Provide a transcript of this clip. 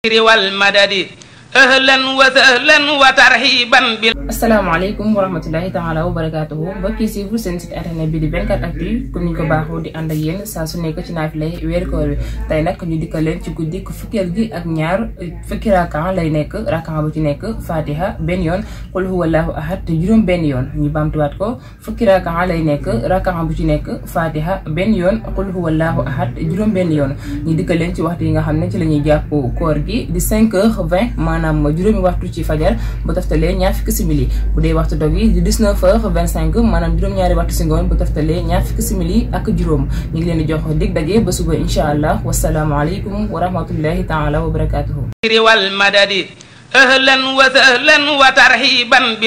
wal madadi ahlan wa sahlan wa tarhiban bi asalaamaaleykum wa rahmatullahi taala wa barakaatuhu mbokk yi si seen site internet bi di 24actu comme ni ñu ko baaxoo di ànd ak yéen saa su nekk ci naafilay weeru koor bi tey nag ñu dikkal leen ci guddi ku fukkeel gi ak ñaar fukki rakan lay nekk rakan bu ci nekk fatiha benn yoon qul huwallahu ahad te juróom benn yoon ñu baamtuwaat ko fukki rakan lay nekk rakan bu ci nekk fatiha benn yoon qul huwallahu ahad yoon ñu dikkal leen ci waxtu yi nga xam ne ci lañuy ñuy jàpp koor gi di 5 heures maanaam juróomi waxtu ci fajar bu ñaar fukki simili bu dee waxtu dog yi di 19 heures 25 maanaam juróom-ñaari waxtu si ngoon bu ñaar fukki simili ak juróom ñu ngi leen di jox dig daje ba suba incha allah wa rahmatullahi taala wa barakatuhu riwal wa sahlan